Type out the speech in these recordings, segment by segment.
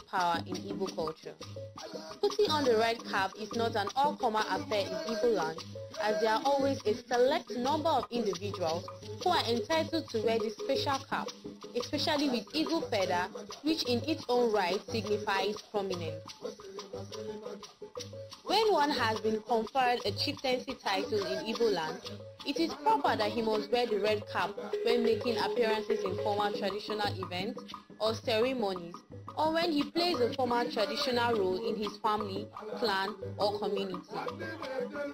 power in Igbo culture. Putting on the red cap is not an all-comer affair in Igbo land, as there are always a select number of individuals who are entitled to wear this special cap, especially with eagle feather, which in its own right signifies prominence. When one has been conferred a chieftaincy title in Igbo land, it is proper that he must wear the red cap when making appearances in formal traditional events or ceremonies, or when he he plays a formal traditional role in his family, clan or community.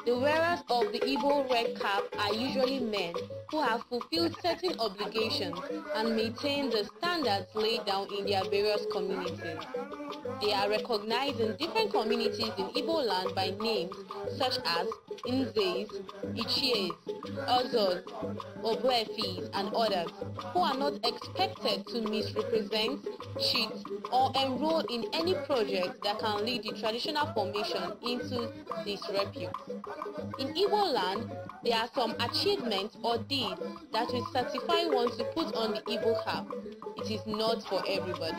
The wearers of the Igbo red cap are usually men who have fulfilled certain obligations and maintain the standards laid down in their various communities. They are recognized in different communities in Igbo land by names such as Inzees, Ichies, Ozos, Obuefis and others who are not expected to misrepresent, cheat or enrich role in any project that can lead the traditional formation into disrepute. In Igbo land, there are some achievements or deeds that will certify one to put on the Igbo cap. It is not for everybody.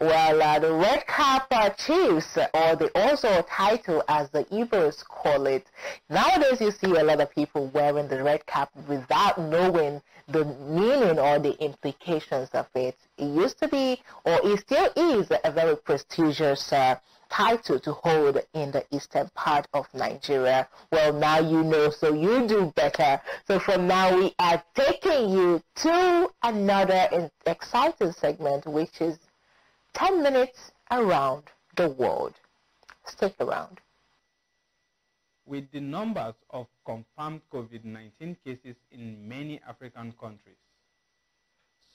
well uh, the Red cap uh, Chiefs, or they also title as the Evers call it. Nowadays, you see a lot of people wearing the red cap without knowing the meaning or the implications of it. It used to be, or it still is, a very prestigious. Uh, title to hold in the eastern part of Nigeria. Well, now you know, so you do better. So from now, we are taking you to another exciting segment, which is 10 minutes around the world. Stick around. With the numbers of confirmed COVID-19 cases in many African countries,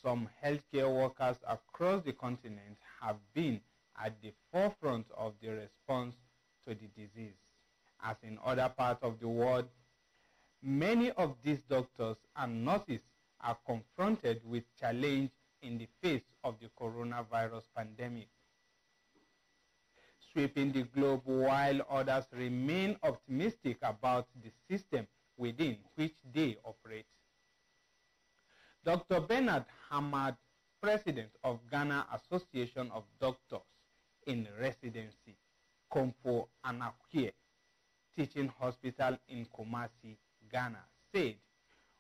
some healthcare workers across the continent have been at the forefront of the response to the disease. As in other parts of the world, many of these doctors and nurses are confronted with challenge in the face of the coronavirus pandemic. Sweeping the globe while others remain optimistic about the system within which they operate. Dr. Bernard Hamad, President of Ghana Association of Doctors in Residency, Kompo Anakwe, Teaching Hospital in Kumasi, Ghana, said,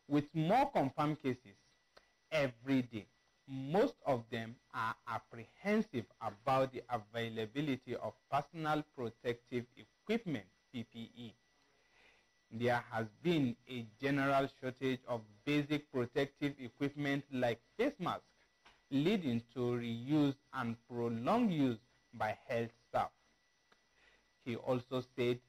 with more confirmed cases every day, most of them are apprehensive about the availability of personal protective equipment, PPE. There has been a general shortage of basic protective equipment like face masks, leading to reuse and prolonged use by health staff. He also said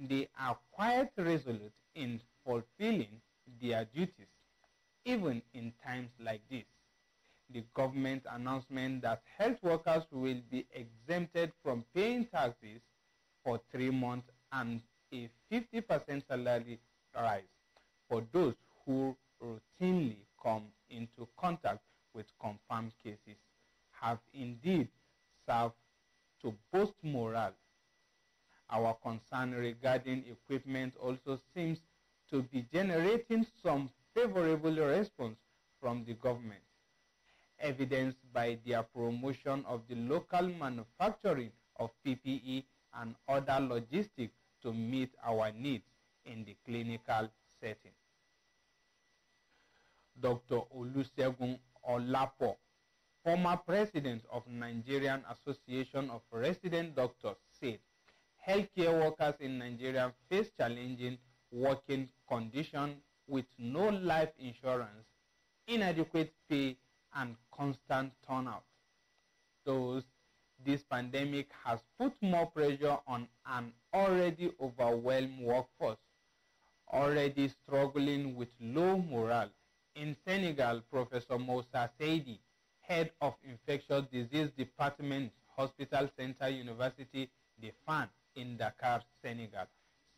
they are quite resolute in fulfilling their duties, even in times like this the government announcement that health workers will be exempted from paying taxes for three months and a 50% salary rise for those who routinely come into contact with confirmed cases have indeed served to boost morale. Our concern regarding equipment also seems to be generating some favorable response from the government evidenced by their promotion of the local manufacturing of PPE and other logistics to meet our needs in the clinical setting. Dr. Olusegun Olapo, former president of Nigerian Association of Resident Doctors, said healthcare workers in Nigeria face challenging working conditions with no life insurance, inadequate pay, and constant turnout. Thus, this pandemic has put more pressure on an already overwhelmed workforce, already struggling with low morale. In Senegal, Professor Moussa Seidi, head of Infectious Disease Department, Hospital Center University, the Fan in Dakar, Senegal,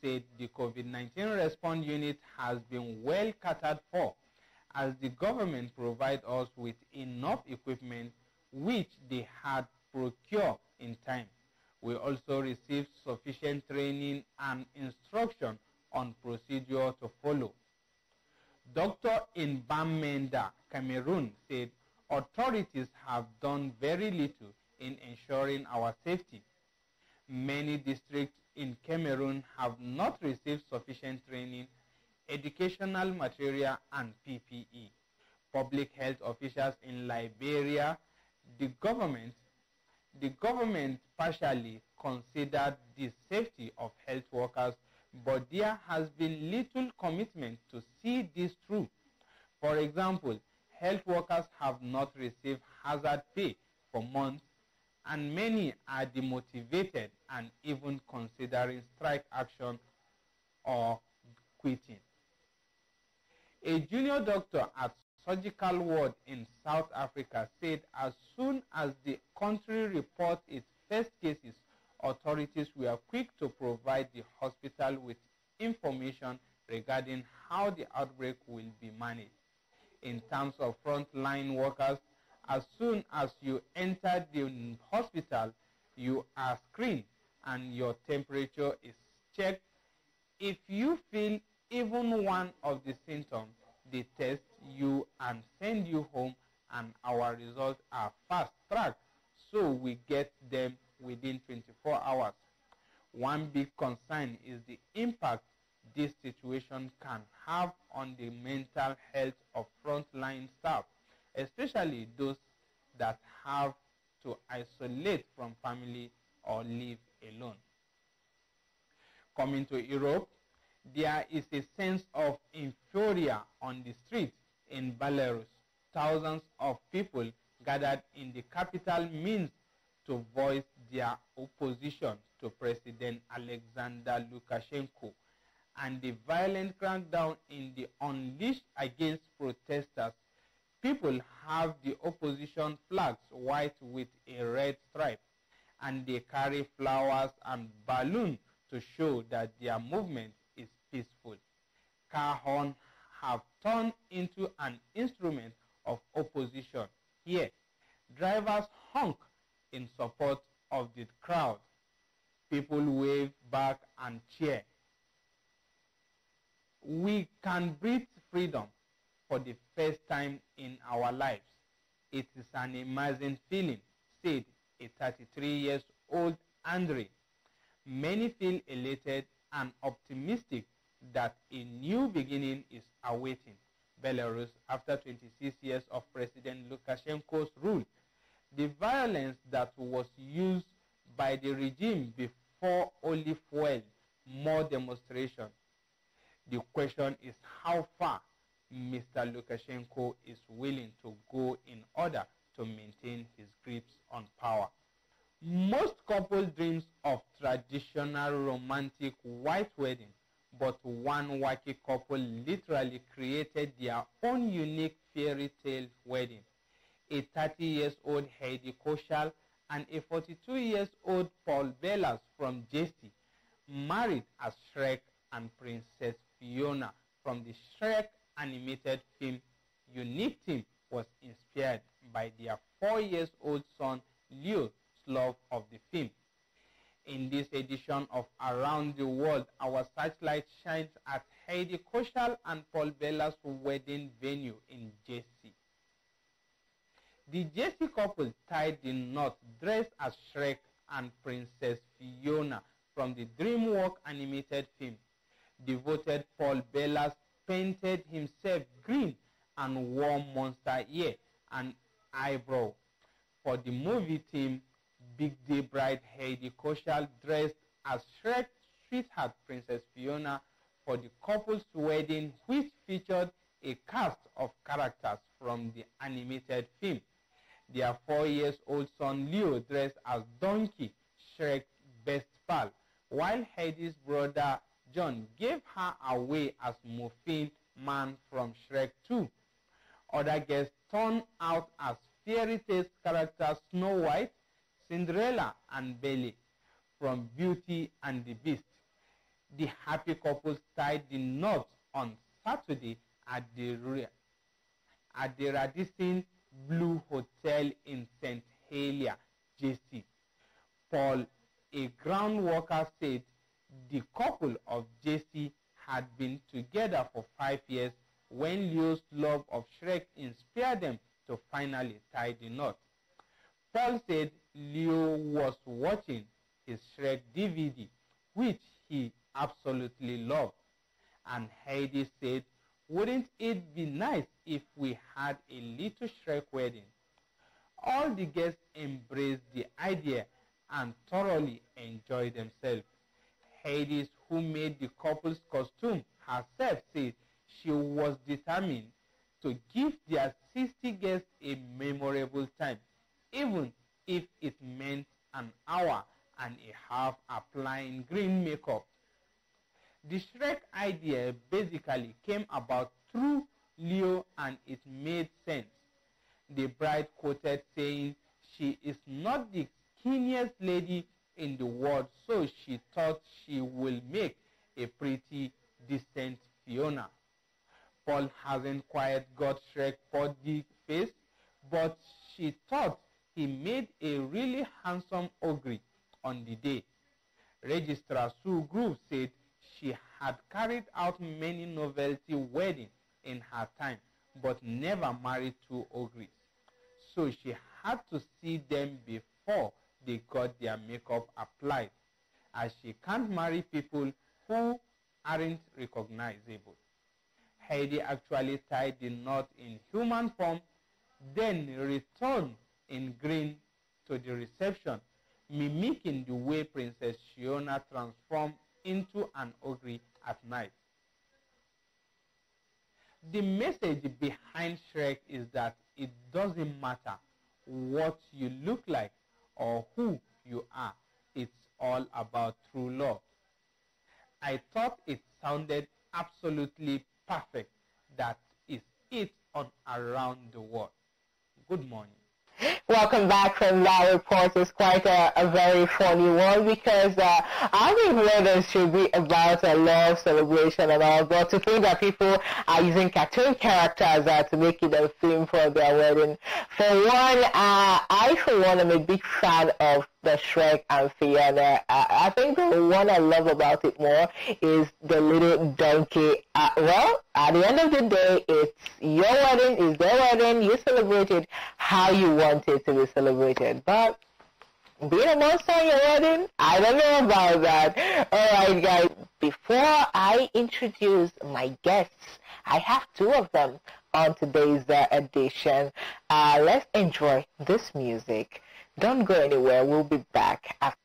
said the COVID-19 response unit has been well catered for as the government provide us with enough equipment which they had procured in time. We also received sufficient training and instruction on procedure to follow. Dr. Inbamenda, Cameroon, said authorities have done very little in ensuring our safety. Many districts in Cameroon have not received sufficient training educational material and PPE. Public health officials in Liberia, the government, the government partially considered the safety of health workers, but there has been little commitment to see this through. For example, health workers have not received hazard pay for months, and many are demotivated and even considering strike action or quitting. A junior doctor at surgical ward in South Africa said as soon as the country reports its first cases, authorities were quick to provide the hospital with information regarding how the outbreak will be managed. In terms of frontline workers, as soon as you enter the hospital, you are screened and your temperature is checked. If you feel even one of the symptoms, they test you and send you home and our results are fast tracked. So we get them within 24 hours. One big concern is the impact this situation can have on the mental health of frontline staff, especially those that have to isolate from family or live alone. Coming to Europe, there is a sense of inferior on the streets in Belarus. Thousands of people gathered in the capital Minsk to voice their opposition to President Alexander Lukashenko and the violent crackdown in the unleashed against protesters. People have the opposition flags white with a red stripe and they carry flowers and balloons to show that their movement peaceful. Cajon have turned into an instrument of opposition. Here, drivers honk in support of the crowd. People wave back and cheer. We can breathe freedom for the first time in our lives. It is an amazing feeling, said a 33 years old Andre. Many feel elated and optimistic a new beginning is awaiting Belarus after 26 years of President Lukashenko's rule. The violence that was used by the regime before only fueled more demonstration. The question is how far Mr. Lukashenko is willing to go in order to maintain his grips on power. Most couples dreams of traditional romantic white wedding one wacky couple literally created their own unique fairy tale wedding. A 30 years old Heidi Koshal and a 42 years old Paul Bellas from JC married as Shrek and Princess Fiona from the Shrek animated film Unique Team was inspired by their four years old son Leo, love of the film. In this edition of Around the at Heidi Koshal and Paul Bella's wedding venue in Jesse, The Jesse couple tied the knot dressed as Shrek and Princess Fiona from the DreamWorks animated film. Devoted Paul Bellas painted himself green and wore monster ear and eyebrow. For the movie team, Big Day Bride Heidi Koshal dressed as Shrek's sweetheart Princess Fiona for the couple's wedding, which featured a cast of characters from the animated film. Their four-years-old son Leo dressed as Donkey, Shrek's best pal, while Heidi's brother John gave her away as Muffin Man from Shrek 2. Other guests turned out as fairy tale characters Snow White, Cinderella, and Belly from Beauty and the Beast the happy couple tied the knot on Saturday at the at the Radisson Blue Hotel in St. Helier, JC. Paul, a ground worker, said the couple of JC had been together for five years when Leo's love of Shrek inspired them to finally tie the knot. Paul said Leo was watching his Shrek DVD, which he absolutely love. And Heidi said, wouldn't it be nice if we had a little Shrek wedding? All the guests embraced the idea and thoroughly enjoyed themselves. Hades, who made the couple's costume herself, said she was determined to give their 60 guests a memorable time, even if it meant an hour and a half applying green makeup. The Shrek idea basically came about through Leo and it made sense. The bride quoted saying, she is not the skinniest lady in the world, so she thought she will make a pretty decent Fiona. Paul hasn't quite got Shrek for the face, but she thought he made a really handsome ogre on the day. Registrar Sue Groove said she had carried out many novelty weddings in her time, but never married two ogres. So she had to see them before they got their makeup applied, as she can't marry people who aren't recognizable. Heidi actually tied the knot in human form, then returned in green to the reception, mimicking the way Princess Shiona transformed into an ogre at night. The message behind Shrek is that it doesn't matter what you look like or who you are. It's all about true love. I thought it sounded absolutely perfect. That is it on around the world. Good morning. welcome back from that report is quite a, a very funny one because uh, I think weddings should be about a love celebration and all, but to think that people are using cartoon characters uh, to make it a theme for their wedding. For one, uh, I for one am a big fan of the Shrek and Fiona. Uh, I think the one I love about it more is the little donkey. Uh, well, at the end of the day, it's your wedding, it's their wedding, you celebrate it how you want it to be celebrated. But being monster on your wedding, I don't know about that. All right, guys. Before I introduce my guests, I have two of them on today's uh, edition. Uh, let's enjoy this music. Don't go anywhere. We'll be back after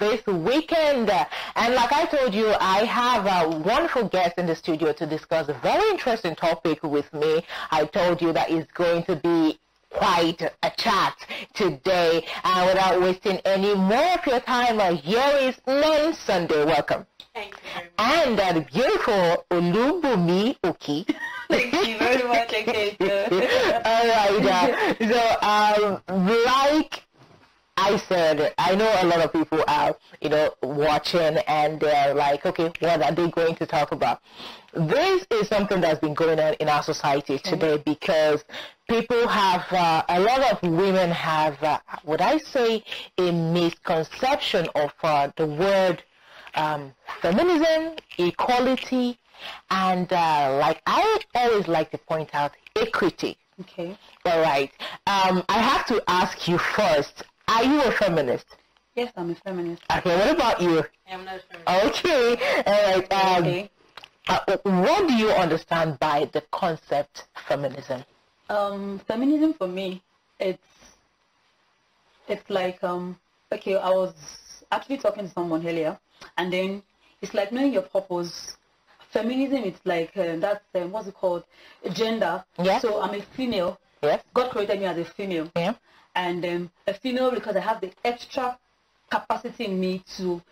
this weekend. And like I told you, I have a uh, wonderful guest in the studio to discuss a very interesting topic with me. I told you that it's going to be quite a chat today. And uh, without wasting any more of your time, uh, here is Men Sunday. Welcome. Thank you And that beautiful Olubumi Oki. Thank you very much, All right. Uh, so, um, like I said, I know a lot of people are, you know, watching and they're like, okay, what are they going to talk about? This is something that's been going on in our society mm-hmm. today mm-hmm. because people have, uh, a lot of women have, uh, would I say, a misconception of uh, the word um, feminism, equality, and uh, like I always like to point out equity. Okay. All right. Um, I have to ask you first. Are you a feminist? Yes, I'm a feminist. Okay, what about you? I'm not a feminist. Okay. all right. um, okay. Uh, what do you understand by the concept feminism? Um, feminism for me, it's it's like um, okay, I was actually talking to someone earlier, and then it's like knowing your purpose. Feminism, it's like uh, that's um, what's it called, gender. Yeah. So I'm a female. Yes. God created me as a female. Yeah and um, a female because I have the extra capacity in me to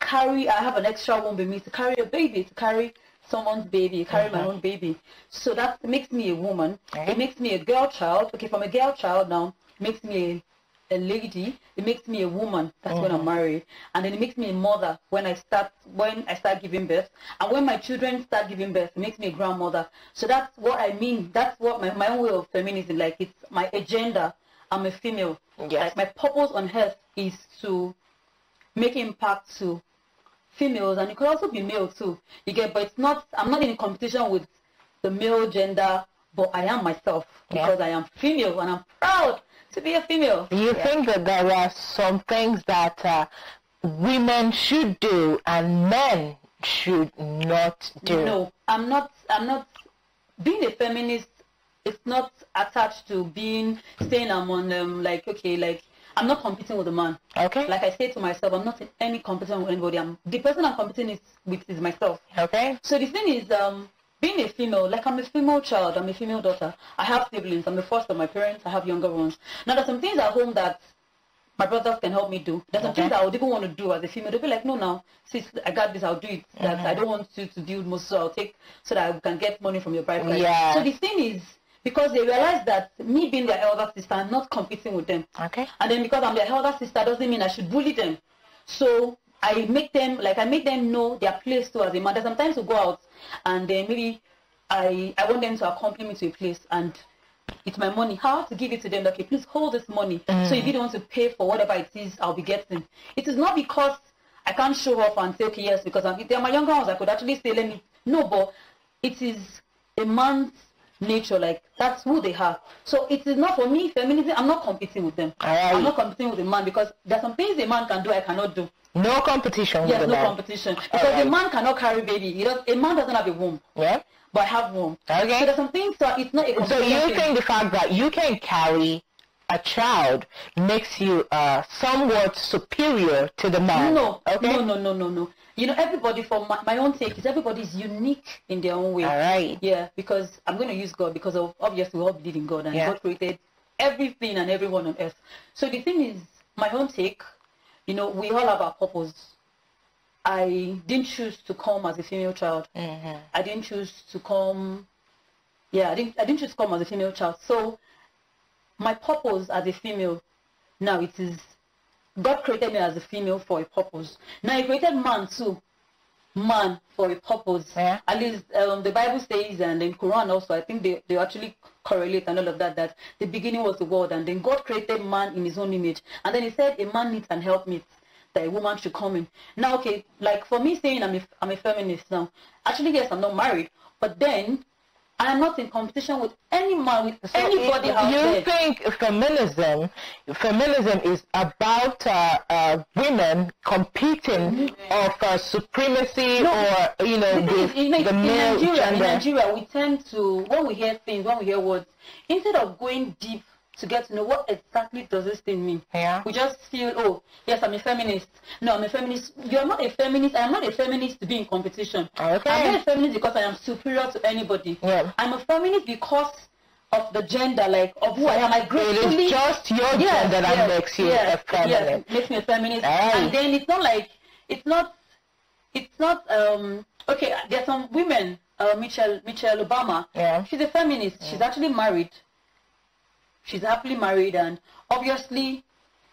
carry, I have an extra womb in me to carry a baby, to carry someone's baby, carry my uh-huh. own baby. So that makes me a woman. Okay. It makes me a girl child. Okay, from a girl child now, makes me a, a lady. It makes me a woman. That's when I uh-huh. marry, and then it makes me a mother when I start when I start giving birth, and when my children start giving birth, it makes me a grandmother. So that's what I mean. That's what my my own way of feminism. Like it's my agenda I'm a female. Yes. Like my purpose on earth is to make impact to females and it could also be male too. You get but it's not I'm not in competition with the male gender, but I am myself yeah. because I am female and I'm proud to be a female. You yeah. think that there are some things that uh, women should do and men should not do? No, I'm not I'm not being a feminist it's not attached to being saying I'm on um, like okay like I'm not competing with a man. Okay. Like I say to myself, I'm not in any competition with anybody. I'm the person I'm competing is, with is myself. Okay. So the thing is, um, being a female, like I'm a female child, I'm a female daughter. I have siblings. I'm the first of my parents. I have younger ones. Now there's some things at home that my brothers can help me do. There's some okay. things I would even want to do as a female. They'll be like, no, now, since I got this, I'll do it. That mm-hmm. I don't want you to, to deal most, so I'll take so that I can get money from your bride. yeah. So the thing is, because they realized that me being their elder sister, I'm not competing with them. Okay. And then because I'm their elder sister doesn't mean I should bully them. So I make them like I make them know their place too as a mother. Sometimes we go out and then maybe I I want them to accompany me to a place and it's my money. How to give it to them? Okay, please hold this money. Mm. So if you mm. don't want to pay for whatever it is, I'll be getting. It is not because I can't show off and say okay yes because I'm, if they're my younger ones I could actually say let me no but it is a man's nature. Like that's who they are. So it is not for me feminism. I'm not competing with them. I'm not competing with a man because there's some things a man can do I cannot do. No competition. Yes, no man. competition because right. a man cannot carry baby. He does. A man doesn't have a womb. Yeah. But I have womb. Okay. So there's some things. So it's not a. So you think the fact that you can carry a child makes you uh, somewhat superior to the man. No, okay? no, no, no, no, no you know, everybody for my, my, own sake is everybody's unique in their own way. All right. Yeah, because I'm going to use God because of, obviously we all believe in God and yeah. God created everything and everyone on earth. So the thing is, my own take, you know, we all have our purpose. I didn't choose to come as a female child. Mm-hmm. I didn't choose to come. Yeah, I didn't. I didn't choose to come as a female child. So my purpose as a female now it is God created me as a female for a purpose. Now he created man too. Man for a purpose. Yeah. At least um, the Bible says and in Quran also I think they, they actually correlate and all of that that the beginning was the world and then God created man in his own image. And then he said a man needs an helpmeet that a woman should come in. Now okay, like for me saying I'm a, I'm a feminist now, actually yes I'm not married, but then I am not in competition with man. with so anybody out there. You think feminism, feminism is about uh, uh, women competing mm-hmm. for uh, supremacy no, or you know the, in, the in male Nigeria, gender. In Nigeria, we tend to when we hear things, when we hear words, instead of going deep to get to know what exactly does this thing mean. Yeah. We just feel, oh, yes, I'm a feminist. No, I'm a feminist. You're not a feminist. I'm not a feminist to be in competition. Okay. I'm not a feminist because I am superior to anybody. Yeah. I'm a feminist because of the gender, like of who I am. I gracefully. It is just your yes, gender that yes, makes you yes, a feminist. Yes, makes me a feminist. And then it's not like it's not it's not um okay. There's some women. Uh, Michelle Michelle Obama. Yeah. She's a feminist. Yeah. She's actually married. She's happily married, and obviously,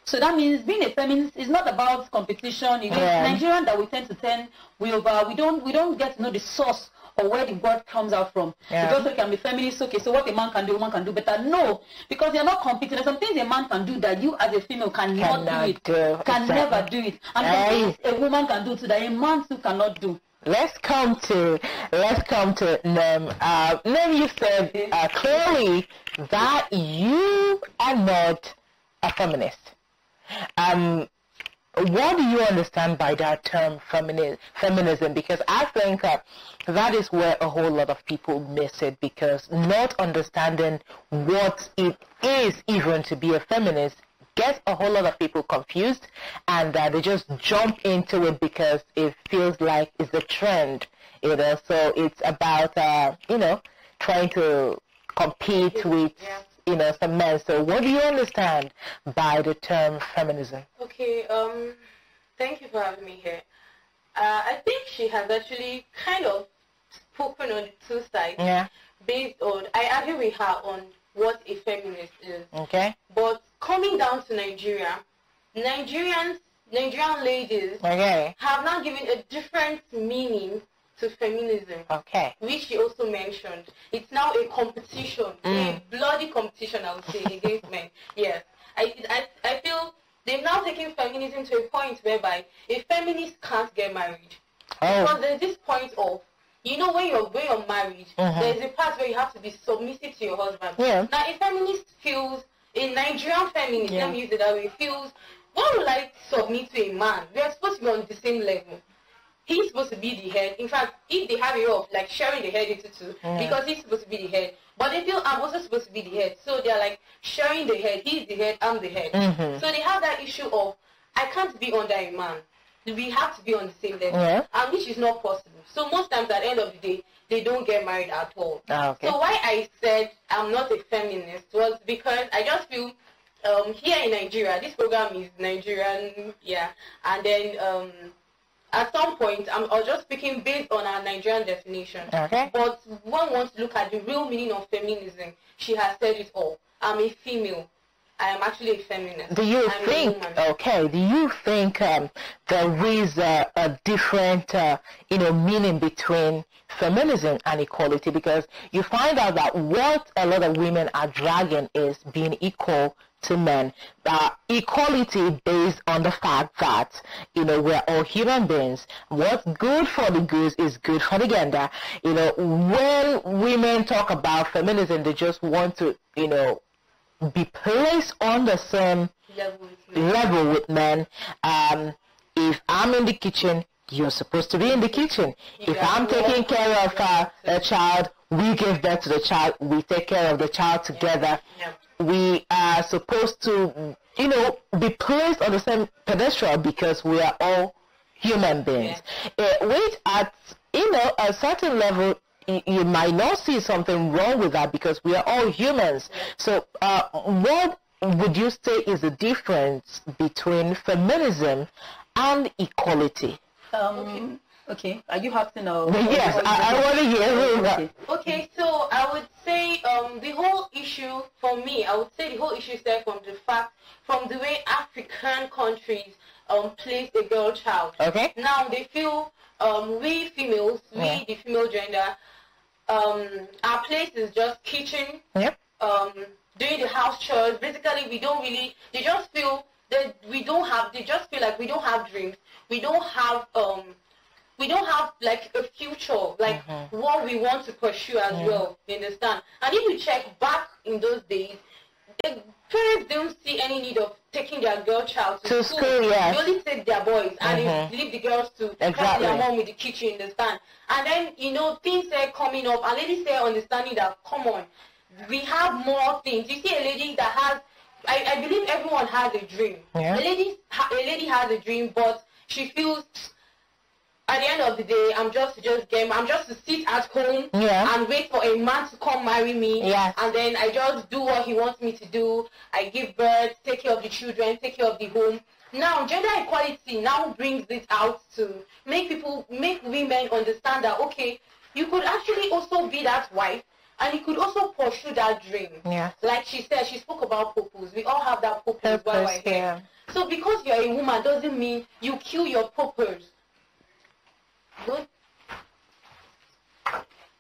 so that means being a feminist is not about competition. It is yeah. Nigerian that we tend to turn we over. We don't we don't get to know the source or where the word comes out from. Yeah. Because we can be feminist, okay, so what a man can do, a woman can do better. No, because they are not competing. There's some things a man can do that you as a female cannot, cannot do it, do. can exactly. never do it. And things a woman can do too that a man too cannot do let's come to let's come to them. Uh, you said uh, clearly that you are not a feminist. Um, what do you understand by that term femini- feminism? Because I think that that is where a whole lot of people miss it because not understanding what it is even to be a feminist get a whole lot of people confused and they just jump into it because it feels like it's the trend, you know. So it's about, uh, you know, trying to compete with, yeah. you know, some men. So what do you understand by the term feminism? Okay, um, thank you for having me here. Uh, I think she has actually kind of spoken on two sides. Yeah. Based on, I agree with her on what a feminist is. Okay. But coming down to Nigeria, Nigerians, Nigerian ladies okay. have now given a different meaning to feminism. Okay. Which you also mentioned. It's now a competition, mm. a bloody competition, I would say, against men. Yes. I, I, I feel they've now taken feminism to a point whereby a feminist can't get married. Oh. Because there's this point of, you know, when you're, when you're married, mm-hmm. there's a part where you have to be submissive to your husband. Yeah. Now, a feminist feels in Nigerian feminism, yeah. it that we feels. why would I submit to a man? We are supposed to be on the same level. He's supposed to be the head. In fact, if they have a off, like sharing the head into two, yeah. because he's supposed to be the head, but they feel I'm also supposed to be the head. So they're like sharing the head. He's the head. I'm the head. Mm-hmm. So they have that issue of I can't be under a man. We have to be on the same level, yeah. and which is not possible. So most times at the end of the day, they don't get married at all. Ah, okay. So why I said I'm not a feminist was because I just feel um, here in Nigeria, this program is Nigerian, yeah, and then um, at some point, I'm or just speaking based on our Nigerian definition. Ah, okay. But one wants to look at the real meaning of feminism. She has said it all. I'm a female. I am actually a feminist. Do you I'm think? Okay. Do you think um, there is a, a different, uh, you know, meaning between feminism and equality? Because you find out that what a lot of women are dragging is being equal to men. But equality based on the fact that, you know, we're all human beings. What's good for the goose is good for the gander. You know, when women talk about feminism, they just want to, you know, be placed on the same level with men. Um, if I'm in the kitchen, you're supposed to be in the kitchen. You if I'm taking care of a, uh, a, child, we give birth to the child. We take care of the child together. Yeah. Yeah. We are supposed to, you know, be placed on the same pedestal because we are all human beings. Yeah. Uh, which at you know a certain level you might not see something wrong with that because we are all humans. So, uh, what would you say is the difference between feminism and equality? Um, okay. okay. Are you asking now? Yes, I, I want to hear. Okay. okay, so I would say um, the whole issue for me, I would say the whole issue stems from the fact, from the way African countries um, place a girl child. Okay. Now they feel um, we females, we the female gender, um, our place is just kitchen. Yep. Um, doing the house chores. Basically, we don't really. They just feel that we don't have. They just feel like we don't have dreams. We don't have. Um, we don't have like a future, like mm-hmm. what we want to pursue as yeah. well. You understand? And if you check back in those days, parents don't see any need of taking their girl child to, to school. school yes. They only take their boys and mm-hmm. leave the girls to exactly. their mom with the kitchen, understand? And then, you know, things are coming up and ladies are understanding that, come on, we have more things. You see a lady that has, I, I believe everyone has a dream. Yeah. A, lady, a lady has a dream, but she feels at the end of the day, I'm just just game. I'm just to sit at home yeah. and wait for a man to come marry me. Yes. And then I just do what he wants me to do. I give birth, take care of the children, take care of the home. Now, gender equality now brings it out to make people, make women understand that, okay, you could actually also be that wife and you could also pursue that dream. Yeah. Like she said, she spoke about purpose. We all have that purpose. purpose yeah. So because you're a woman doesn't mean you kill your purpose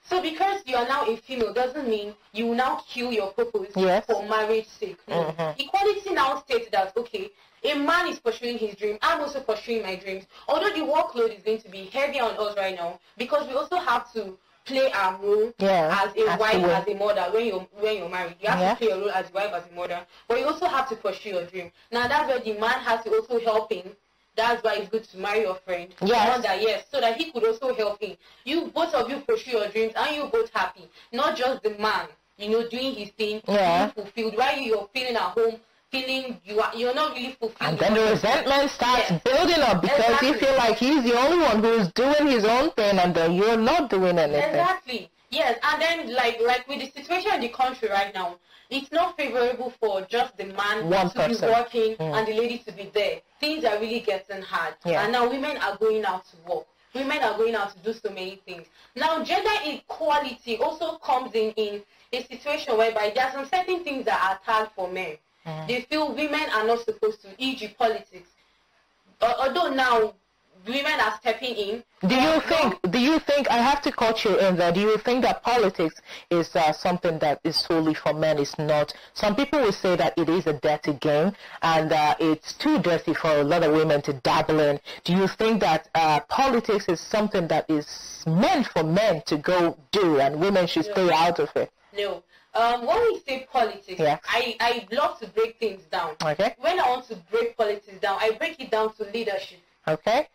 so because you are now a female doesn't mean you will now kill your purpose yes. for marriage sake. No. Mm-hmm. Equality now states that okay, a man is pursuing his dream. I'm also pursuing my dreams. Although the workload is going to be heavy on us right now because we also have to play our role yeah, as a wife, as a mother. When you're when you're married, you have yeah. to play a role as a wife, as a mother. But you also have to pursue your dream. Now that's where the man has to also help in that's why it's good to marry your friend. Yes. That, yes, so that he could also help him. You both of you pursue your dreams and you both happy. Not just the man, you know, doing his thing, yeah. fulfilled. Why you're feeling at home, feeling you are you're not really fulfilled. And then the resentment starts yes. building up because exactly. you feel like he's the only one who's doing his own thing and then you're not doing anything. Exactly. Yes, and then like like with the situation in the country right now, it's not favorable for just the man One to person. be working mm. and the lady to be there. Things are really getting hard. Yeah. And now women are going out to work. Women are going out to do so many things. Now, gender equality also comes in in a situation whereby there are some certain things that are hard for men. Mm. They feel women are not supposed to, e.g. politics. Uh, although now women are stepping in. Do you think? Do you think? I have to cut you in there. Do you think that politics is uh, something that is solely for men? It's not. Some people will say that it is a dirty game and uh, it's too dirty for a lot of women to dabble in. Do you think that uh, politics is something that is meant for men to go do and women should no. stay out of it? No. Um, when we say politics, yeah. I, I love to break things down. Okay. When I want to break politics down, I break it down to leadership. Okay.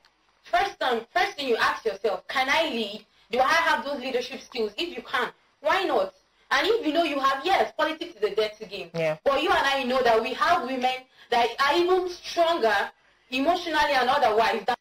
First, time, first thing you ask yourself, can I lead? Do I have those leadership skills? If you can, why not? And if you know you have, yes, politics is a dirty game. Yeah. But you and I know that we have women that are even stronger emotionally and otherwise than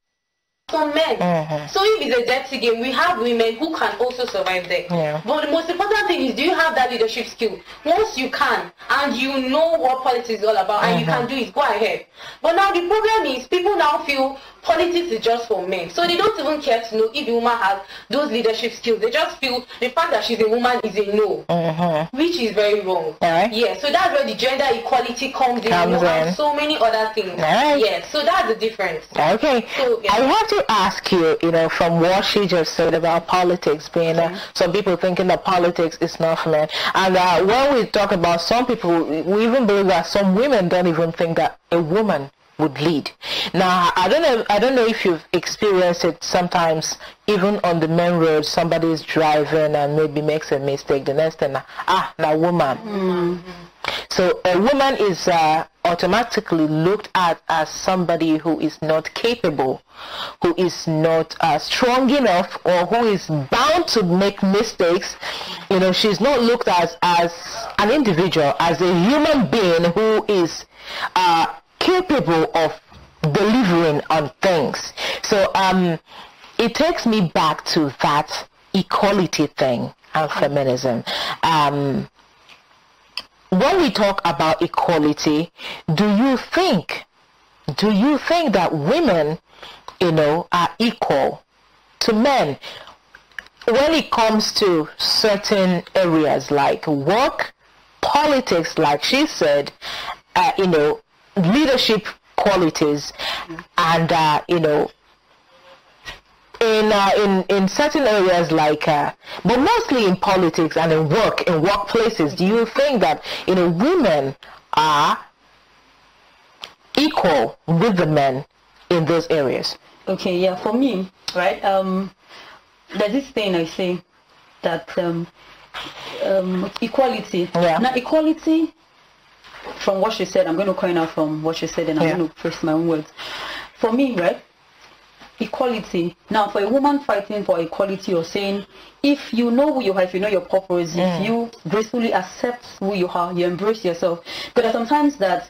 some men. Mm-hmm. So if it's a dirty game, we have women who can also survive there. Yeah. But the most important thing is, do you have that leadership skill? Once you can, and you know what politics is all about, mm-hmm. and you mm-hmm. can do it, go ahead. But now the problem is, people now feel politics is just for men. So they don't even care to know if the woman has those leadership skills. They just feel the fact that she's a woman is a no, mm-hmm. which is very wrong. All right. Yeah. So that's where the gender equality comes, in, you know, in. And so many other things. All right. Yeah. So that's the difference. Okay. So, yeah. I have to ask you, you know, from what she just said about politics being uh, mm-hmm. uh, some people thinking that politics is not for men, and uh, when we talk about some people, we even believe that some women don't even think that a woman would lead. Now, I don't know. I don't know if you've experienced it. Sometimes, even on the main road, somebody is driving and maybe makes a mistake. The next thing, ah, ah now woman. Mm-hmm. So a woman is uh, automatically looked at as somebody who is not capable, who is not uh, strong enough, or who is bound to make mistakes. You know, she's not looked at as, as an individual, as a human being who is uh, capable of delivering on things. So um, it takes me back to that equality thing and feminism. Um, when we talk about equality, do you think, do you think that women, you know, are equal to men? When it comes to certain areas like work, politics, like she said, uh, you know, leadership qualities and uh, you know in uh, in in certain areas like uh, but mostly in politics and in work in workplaces do you think that you know women are equal with the men in those areas okay yeah for me right um there's this thing i say that um, um equality yeah. now equality from what she said, I'm going to coin out from what she said and I'm yeah. going to phrase my own words. For me, right, equality. Now, for a woman fighting for equality, you're saying, if you know who you are, if you know your purpose, mm. if you gracefully accept who you are, you embrace yourself. There sometimes that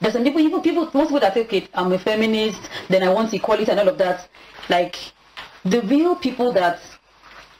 there's some people, even people, most people that take okay, I'm a feminist, then I want equality and all of that. Like, the real people that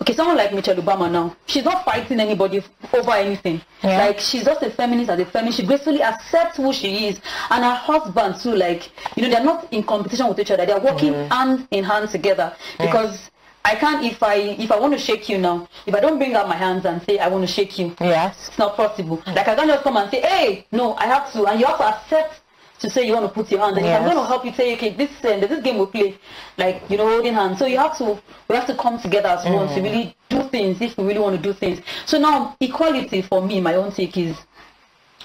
okay, someone like Michelle Obama now, she's not fighting anybody over anything. Yeah. Like she's just a feminist as a feminist. She gracefully accepts who she is, and her husband too. Like you know, they're not in competition with each other. They're working mm. hand in hand together because. Yeah. I can't if I if I want to shake you now. If I don't bring out my hands and say I want to shake you, yes, it's not possible. Like I can't just come and say, hey, no, I have to, and you have to accept to say you want to put your hand. And yes. I'm going to help you say, okay, this uh, this game we play, like you know, holding hands. So you have to we have to come together as mm. one to mm. really do things if we really want to do things. So now equality for me, my own take is.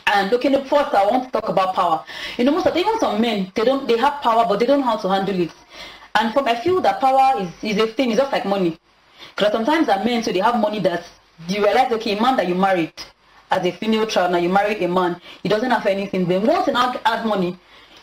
And okay, the first I want to talk about power. You know, most of even some men they don't they have power but they don't know how to handle it. And from I feel that power is is a thing, it's just like money. Because sometimes that men so they have money that you realize okay, man that you married as a female child now you marry a man he doesn't have anything then once he has money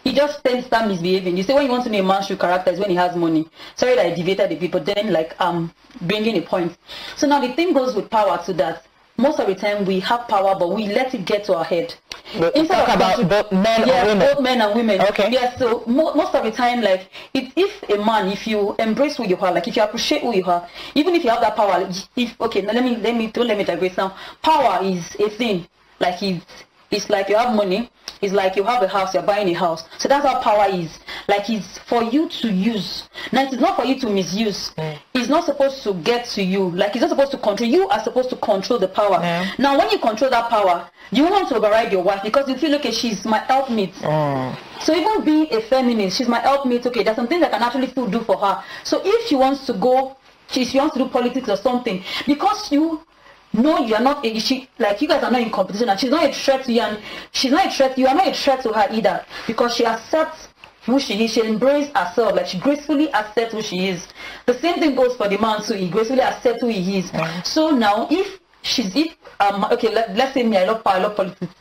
he just tends to start misbehaving you say when you want to know a man's true character is when he has money sorry that i deviated the people then like um bringing a point so now the thing goes with power to that most of the time we have power, but we let it get to our head. But Instead talk about both men yes, and women. Both men and women. Okay. Yes. So mo most of the time, like it, if a man, if you embrace who you are, like if you appreciate who you are, even if you have that power, if okay, now let me let me don't let me digress now. Power is a thing. Like it's it's like you have money. It's like you have a house. You're buying a house. So that's how power is. Like it's for you to use. Now it's not for you to misuse. Mm. It's not supposed to get to you. Like it's not supposed to control. You are supposed to control the power. Mm. Now when you control that power, you want to override your wife because you feel okay. She's my helpmate. Mm. So even being a feminist, she's my helpmate. Okay, there's some things I can actually still do for her. So if she wants to go she wants to do politics or something because you no, you're not, a, she, like, you guys are not in competition, and she's not a threat to you, and she's not a threat, you are not a threat to her either, because she accepts who she is, she embraces herself, like, she gracefully accepts who she is. The same thing goes for the man, too, he gracefully accepts who he is. Yeah. So now, if she's, if, um, okay, let, let's say me, I love power, I love politics,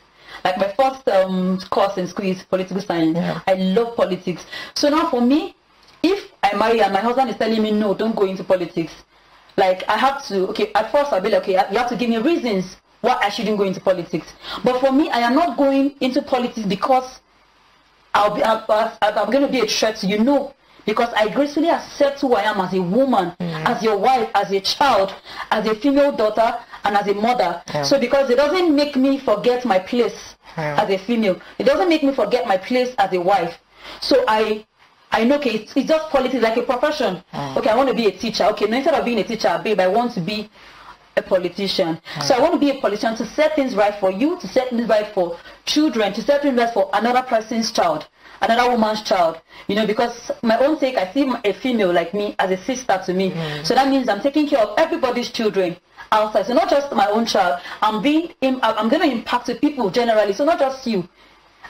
like my first um, course in school is political science. Yeah. I love politics. So now for me, if I marry and my husband is telling me no, don't go into politics, like I have to, okay, at first I'll be like, okay, you have to give me reasons why I shouldn't go into politics. But for me, I am not going into politics because I'll be, i am going to be a threat to you. know. because I gracefully accept who I am as a woman, mm. as your wife, as a child, as a female daughter, and as a mother. Yeah. So because it doesn't make me forget my place yeah. as a female. It doesn't make me forget my place as a wife. So I I know, okay, it's, it's just politics, like a profession. Mm. Okay, I want to be a teacher. Okay, now instead of being a teacher, babe, I want to be a politician. Mm. So I want to be a politician to set things right for you, to set things right for children, to set things right for another person's child, another woman's child. You know, because my own sake, I see a female like me as a sister to me. Mm. So that means I'm taking care of everybody's children outside. So not just my own child. I'm being, I'm going to impact the people generally. So not just you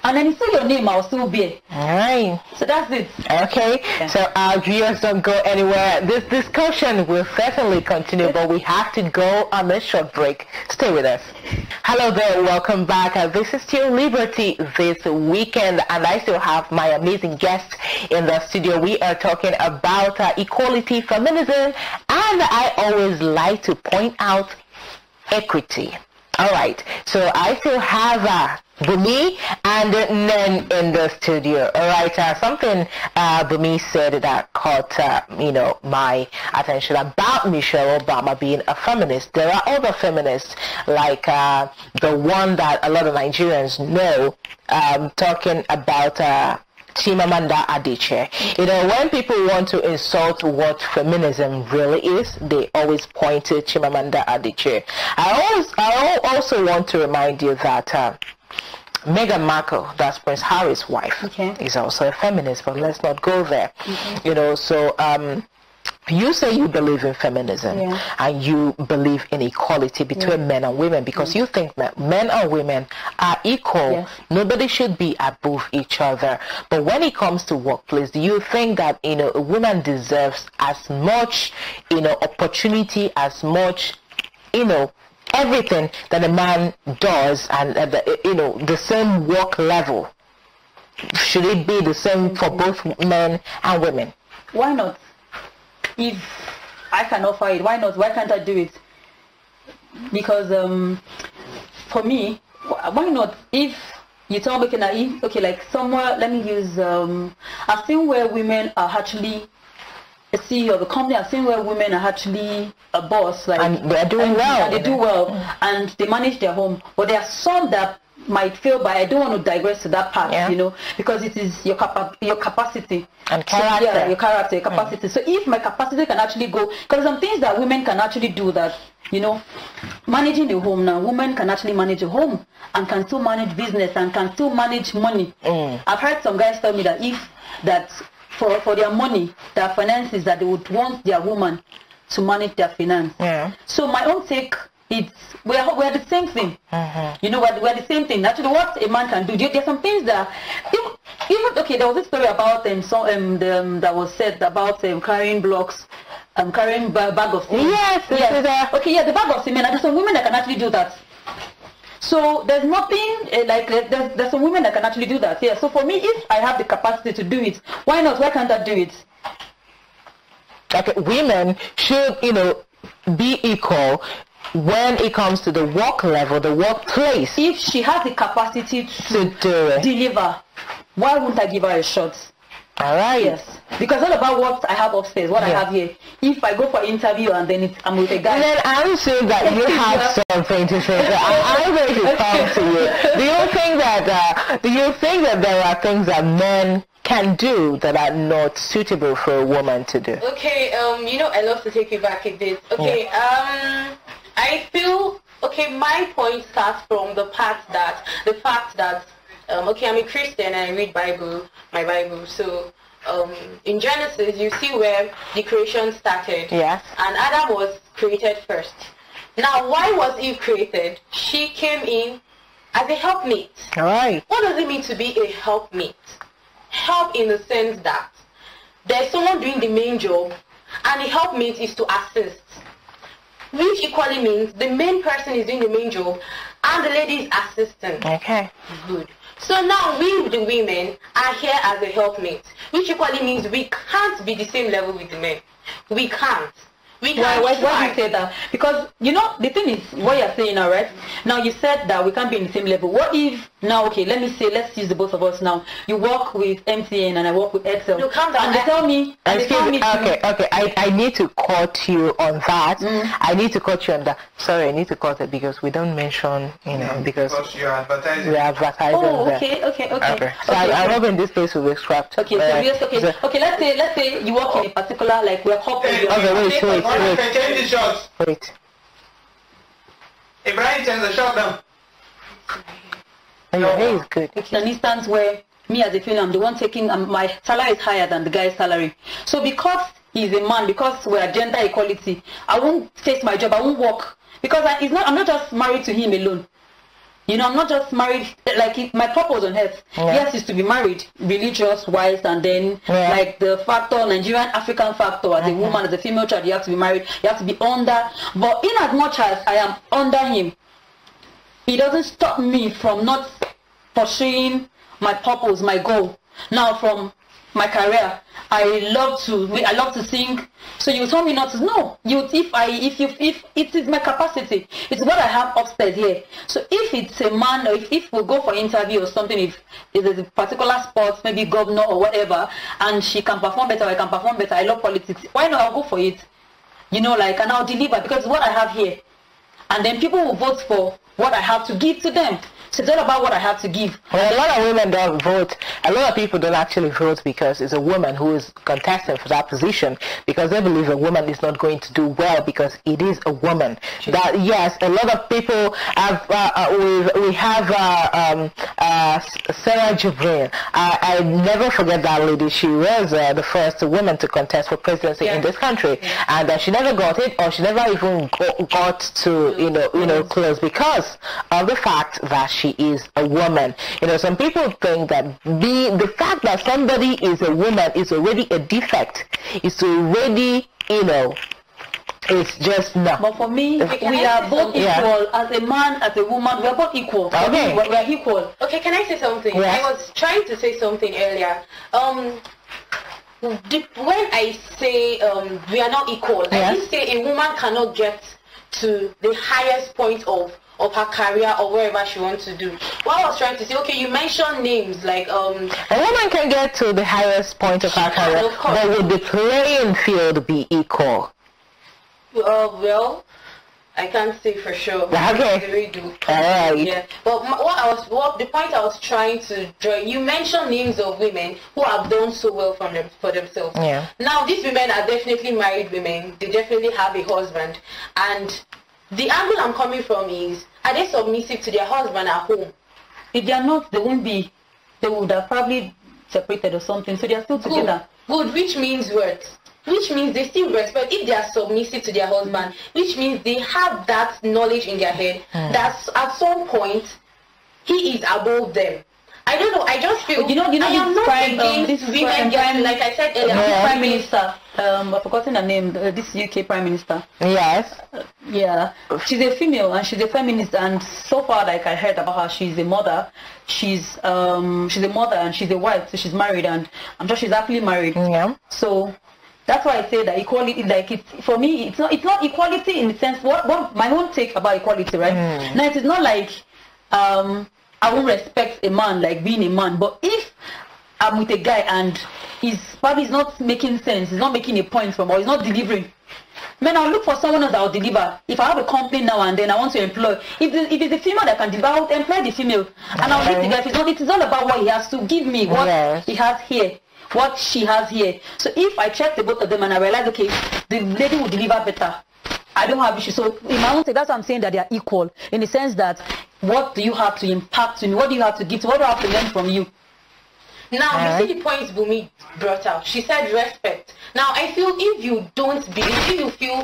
and then you see your name, I'll still be All right. So that's it. Okay. Yeah. So our viewers don't go anywhere. This discussion will certainly continue, but we have to go on a short break. Stay with us. Hello there. Welcome back. Uh, this is still Liberty this weekend, and I still have my amazing guest in the studio. We are talking about uh, equality, feminism, and I always like to point out equity. All right. So I still have. Uh, Bumi and men in the studio. All right, uh, something uh, Bumi said that caught uh, you know my attention about Michelle Obama being a feminist. There are other feminists like uh, the one that a lot of Nigerians know, um, talking about. Uh, Chimamanda Adichie. You know, when people want to insult what feminism really is, they always point to Chimamanda Adichie. I always, I also want to remind you that uh, Meghan Markle, that's Prince Harry's wife, okay. is also a feminist, but let's not go there. Mm-hmm. You know, so um, you say you believe in feminism yeah. and you believe in equality between yeah. men and women because mm-hmm. you think that men and women are equal. Yes. Nobody should be above each other. But when it comes to workplace, do you think that you know a woman deserves as much you know opportunity, as much you know everything that a man does and uh, the, you know the same work level should it be the same for both men and women why not if i can offer it why not why can't i do it because um, for me why not if you tell me okay, i okay like somewhere let me use um, i've seen where women are actually a CEO, the company I've seen where women are actually a boss, like and they're doing and well. they do well, and they manage their home. But there are some that might fail, but I don't want to digress to that part, yeah. you know, because it is your capa- your capacity and character, so, yeah, your character, your hmm. capacity. Mm. So if my capacity can actually go, because some things that women can actually do that, you know, managing a home now, women can actually manage a home and can still manage business and can still manage money. Mm. I've heard some guys tell me that if that for, for their money, their finances, that they would want their woman to manage their finance. Yeah. So my own take, it's we're we're the same thing. Mm -hmm. You know, we're, we're the same thing. Actually, what a man can do, there, there's some things that even, even okay. There was this story about um, so um, the, um, that was said about um, carrying blocks. um, carrying a bag of cement. Yes, yes. okay, yeah, the bag of cement. And there's some women that can actually do that. So there's nothing uh, like there's, there's some women that can actually do that. Yeah. So for me, if I have the capacity to do it, why not? Why can't I do it? Okay, women should you know be equal when it comes to the work level, the workplace. If she has the capacity to, to deliver, why wouldn't I give her a shot? All right. Yes. Because all about what I have upstairs, what yeah. I have here. If I go for interview and then I'm with a guy. And then I'm saying that you have something to say. I'm going to come to you. Do you think that uh, do you think that there are things that men can do that are not suitable for a woman to do? Okay. Um. You know, I love to take you back a bit. Okay. Yeah. Um. I feel okay. My point starts from the part that the fact that um, okay, I'm a Christian and I read Bible, my Bible. So um, in Genesis, you see where the creation started. Yes. And Adam was created first. Now, why was Eve created? She came in as a helpmate. All right. What does it mean to be a helpmate? Help in the sense that there's someone doing the main job, and a helpmate is to assist, which equally means the main person is doing the main job, and the lady is assisting. Okay. Good. So now we, the women, are here as a helpmate, which equally means we can't be the same level with the men. We can't. We why, why, why do you say that? Because you know the thing is what you're saying now, right? Now you said that we can't be in the same level. What if now? Okay, let me say, let's use the both of us now. You work with MTN and I work with Excel. No, calm down. And they tell me. Excuse, they tell me okay, to, okay. I, I need to cut you on that. Mm. I need to cut you on that. Sorry, I need to cut it because we don't mention you know mm. because, because you're advertising. We're advertising. Oh, okay, okay, okay, okay. okay. So okay. I, I hope in this place we'll extract. Okay, uh, so yes, okay, so, okay. Let's say let's say you work in a particular like we're corporate. Okay, wait, wait. Why not contain the shots? Wait. Ibrahim sends a shot down. Your hair is good. It's an instance where me as a female, I'm the one taking, um, my salary is higher than the guy's salary. So because he's a man, because we're gender equality, I won't face my job, I won't work. Because I, it's not, I'm not just married to him alone. You know, I'm not just married. Like my purpose on earth, yeah. yes, is to be married, religious, wise, and then yeah. like the factor, Nigerian African factor. As mm-hmm. a woman, as a female child, you have to be married. You have to be under. But in as much as I am under him, it doesn't stop me from not pursuing my purpose, my goal. Now, from my career. I love to I love to sing. So you told me not to. No, you if I if you if it is my capacity, it's what I have upstairs here. So if it's a man or if, if we go for interview or something, if, there's a particular sport, maybe governor or whatever, and she can perform better, I can perform better. I love politics. Why not? I'll go for it. You know, like and I'll deliver because what I have here, and then people will vote for what I have to give to them. So it's all about what I have to give. Well, a lot of women don't vote. A lot of people don't actually vote because it's a woman who is contesting for that position because they believe a woman is not going to do well because it is a woman. Jeez. That yes, a lot of people have. Uh, uh, we have uh, um, uh, Sarah Jibril. I, I, never forget that lady. She was uh, the first woman to contest for presidency yeah. in this country, yeah. and uh, she never got it, or she never even got to you know you know close because of the fact that. She she is a woman. You know, some people think that the the fact that somebody is a woman is already a defect. It's already, you know, it's just not. But for me, we are both something? equal. Yeah. As a man, as a woman, we are both equal. Okay. We are equal. Okay, can I say something? I was trying to say something earlier. Um, when I say um, we are not equal, I did say a woman cannot get to the highest point of of her career or wherever she wants to do. What I was trying to say, okay, you mentioned names like um. A woman can get to the highest point of her career, but would the playing field be equal? Uh, well, I can't say for sure. Okay. do. All right. Yeah. But what I was, what the point I was trying to draw, you mentioned names of women who have done so well them for themselves. Yeah. Now these women are definitely married women. They definitely have a husband, and the angle I'm coming from is, are they submissive to their husband at home? If they are not, they won't be. They would have probably separated or something. So they are still together. Good, Good. which means what? Which means they still respect if they are submissive to their husband, which means they have that knowledge in their head mm. that at some point he is above them. I don't know. I just feel. You know, you know, I am not prime, um, this um, prime, like I said earlier. Yeah. Prime Minister, um, I've forgotten her name. Uh, this UK Prime Minister. Yes. Uh, yeah, she's a female and she's a feminist. And so far, like I heard about her, she's a mother. She's um, she's a mother and she's a wife. So she's married, and I'm sure she's happily married. Yeah. So that's why I say that equality, like it's for me, it's not it's not equality in the sense what, what my own take about equality, right? Mm. Now it is not like um, I won't respect a man like being a man. But if I'm with a guy and he's probably is not making sense, he's not making a point from, or he's not delivering. Man, I'll look for someone else that will deliver. If I have a company now and then, I want to employ. If, the, if it's a female that can deliver, I'll employ the female. And okay. I'll leave the guy. If it's not, it is all about what he has to give me, what yes. he has here, what she has here. So if I check the both of them and I realize, okay, the lady will deliver better. I don't have issues. So in my own sake, that's what I'm saying that they are equal in the sense that what do you have to impact to me? What do you have to give to? What do I have to learn from you? Now you see the points Bumi brought out. She said respect. Now I feel if you don't believe, if you feel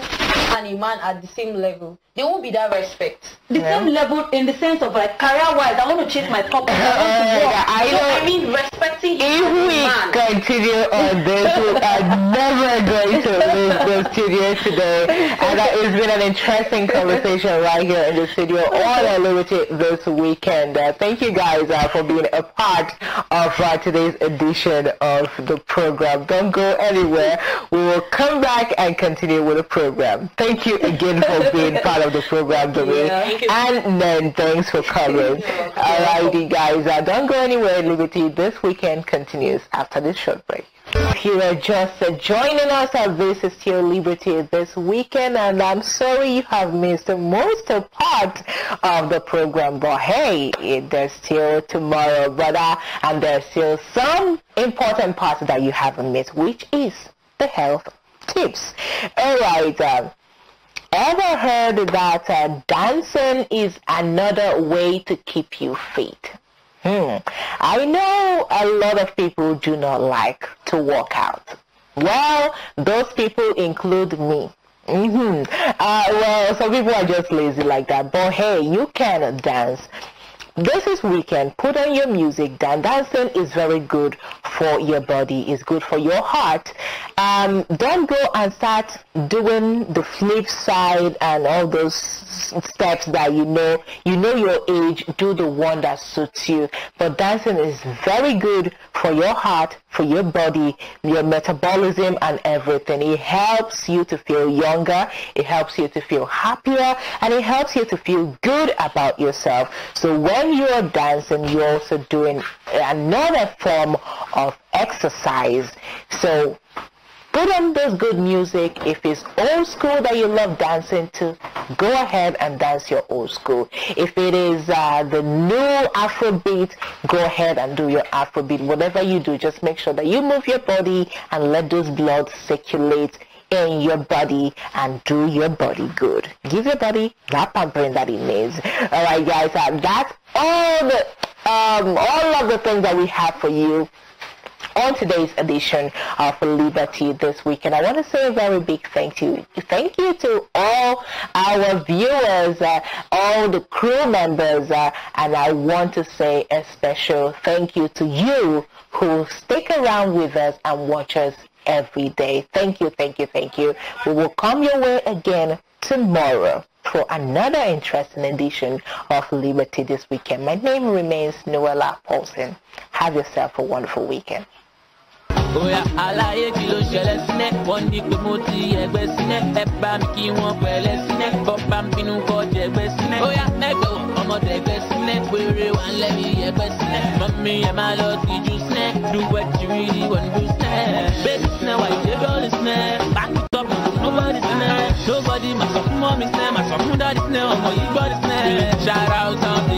an man at the same level, there won't be that respect. The yeah. same level in the sense of like career wise, I want to chase uh, my purpose. I want to work. I, so I mean respecting If we man. continue on this, we are never going to leave the studio today. And that has been an interesting conversation right here in the studio all unlimited this weekend. Uh, thank you guys uh, for being a part of uh, today's edition of the program. Don't go anywhere. We will come back and continue with the program. Thank you again for being part of the program, today, Yeah. And then thanks for coming. Alrighty, guys. Uh, don't go anywhere. Liberty this weekend continues after this short break. If you are just uh, joining us at This is Still Liberty this weekend, and I'm sorry you have missed most of part of the program, but hey, there's still tomorrow, brother, uh, and there's still some important parts that you haven't missed, which is the health tips. All right. then. Uh, ever heard that uh, dancing is another way to keep you fit? Hmm. I know a lot of people do not like to work out. Well, those people include me. Mm-hmm. Uh, well, some people are just lazy like that. But hey, you can dance. This is weekend. Put on your music. Dan dancing is very good for your body. It's good for your heart. Um, don't go and start doing the flip side and all those steps that you know. You know your age. Do the one that suits you. But dancing is very good for your heart, for your body, your metabolism, and everything. It helps you to feel younger, it helps you to feel happier, and it helps you to feel good about yourself. So when you're dancing, you're also doing another form of exercise. So put on this good music. If it's old school that you love dancing to, go ahead and dance your old school. If it is uh, the new Afrobeat, go ahead and do your Afrobeat. Whatever you do, just make sure that you move your body and let those blood circulate in your body and do your body good. Give your body that pampering that it needs. All right, guys, uh, that's all the um, all of the things that we have for you on today's edition of Liberty This Week. And I want to say a very big thank you. Thank you to all our viewers, uh, all the crew members, uh, and I want to say a special thank you to you who stick around with us and watch us every day. Thank you, thank you, thank you. We will come your way again tomorrow for another interesting edition of Liberty This Weekend. My name remains Noella Paulson. Have yourself a wonderful weekend. Oya aláyé kí ló ṣẹlẹ̀ sílẹ̀ wọ́n ní pé mo ti ẹgbẹ́ sílẹ̀ ẹ bá mi kí wọ́n pẹ̀lẹ́ sílẹ̀ bọ́pá ń bínú kọ́ jẹgbẹ́ sílẹ̀. Oya ẹgbẹ́ wọ ọmọ tẹgbẹ́ sílẹ̀ péré wà ń lẹ́mí ẹgbẹ́ sílẹ̀ mọ́mí ẹ máa lọ tìjú sílẹ̀ do what you really want to do sílẹ̀. Baby sílẹ̀ wà ìdè bọ́ọ̀lù sílẹ̀ back it up nobody sílẹ̀ nobody màsọ̀kún mọ́mí sílẹ̀ màsọ̀kún dáadé sílẹ̀ ọmọ yìí gbọ́dọ̀ sílẹ̀. Shout out to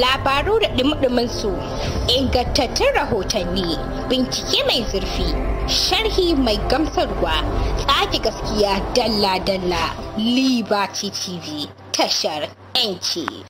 labaru da ɗumɗumin su ingantattun rahotanni bincike mai zurfi sharhi mai gamsarwa tsaki gaskiya dalla-dalla liberty tv tashar 'yanci